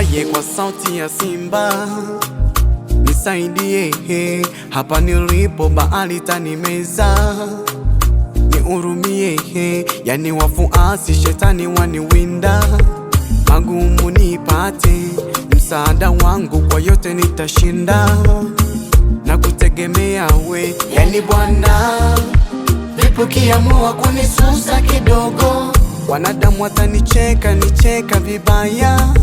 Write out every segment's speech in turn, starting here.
aye kwa sauti ya simba, nisaidie he, hapa nilipo bahari tanimeza, nihurumie he, yani wafuasi shetani waniwinda, magumu nipate, msaada wangu kwa yote nitashinda, na kutegemea we, yani Bwana, vipi kunisusa kidogo? Wanadamu watanicheka nicheka vibaya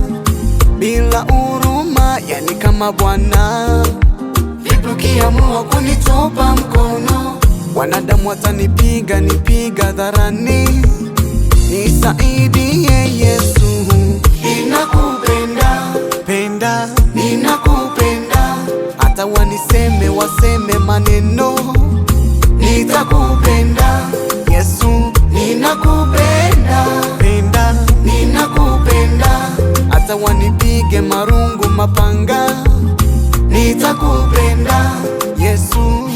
bila huruma, yani kama Bwana vipi ukiamua kunitupa mkono? Wanadamu watanipiga nipiga hadharani, nisaidie Yesu, ninakupenda penda, ninakupenda hata waniseme waseme maneno, nitakupenda Yesu, ninakupenda penda, ninakupenda hata wani nipige marungu mapanga, nitakupenda Yesu.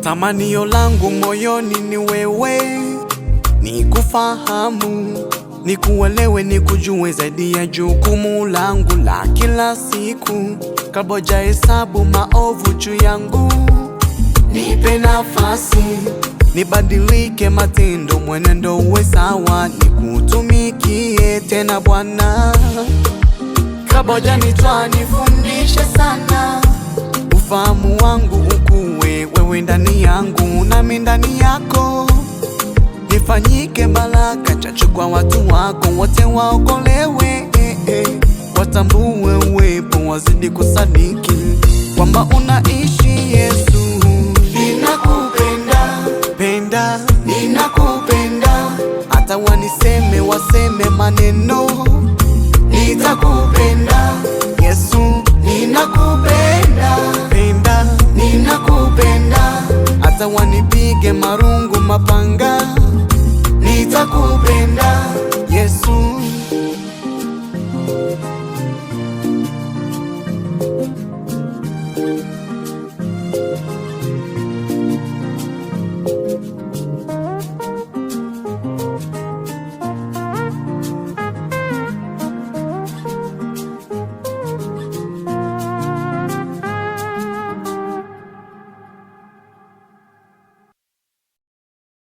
Tamanio langu moyoni ni wewe, nikufahamu, nikuelewe, nikujue zaidi ya jukumu langu la kila siku, kabla hujahesabu maovu juu yangu nipe nafasi nibadilike matendo, mwenendo uwe sawa, nikutumikie tena Bwana. Kaboja nitwa nifundishe sana, ufahamu wangu ukuwe wewe ndani yangu, nami ndani yako, nifanyike baraka chachu kwa watu wako wote, waokolewe eh, eh, watambue uwepo, wazidi kusadiki kwamba unaishi Yesu. upendo, nitakupenda Yesu, ninakupenda penda, ninakupenda hata wanipige marungu mapanga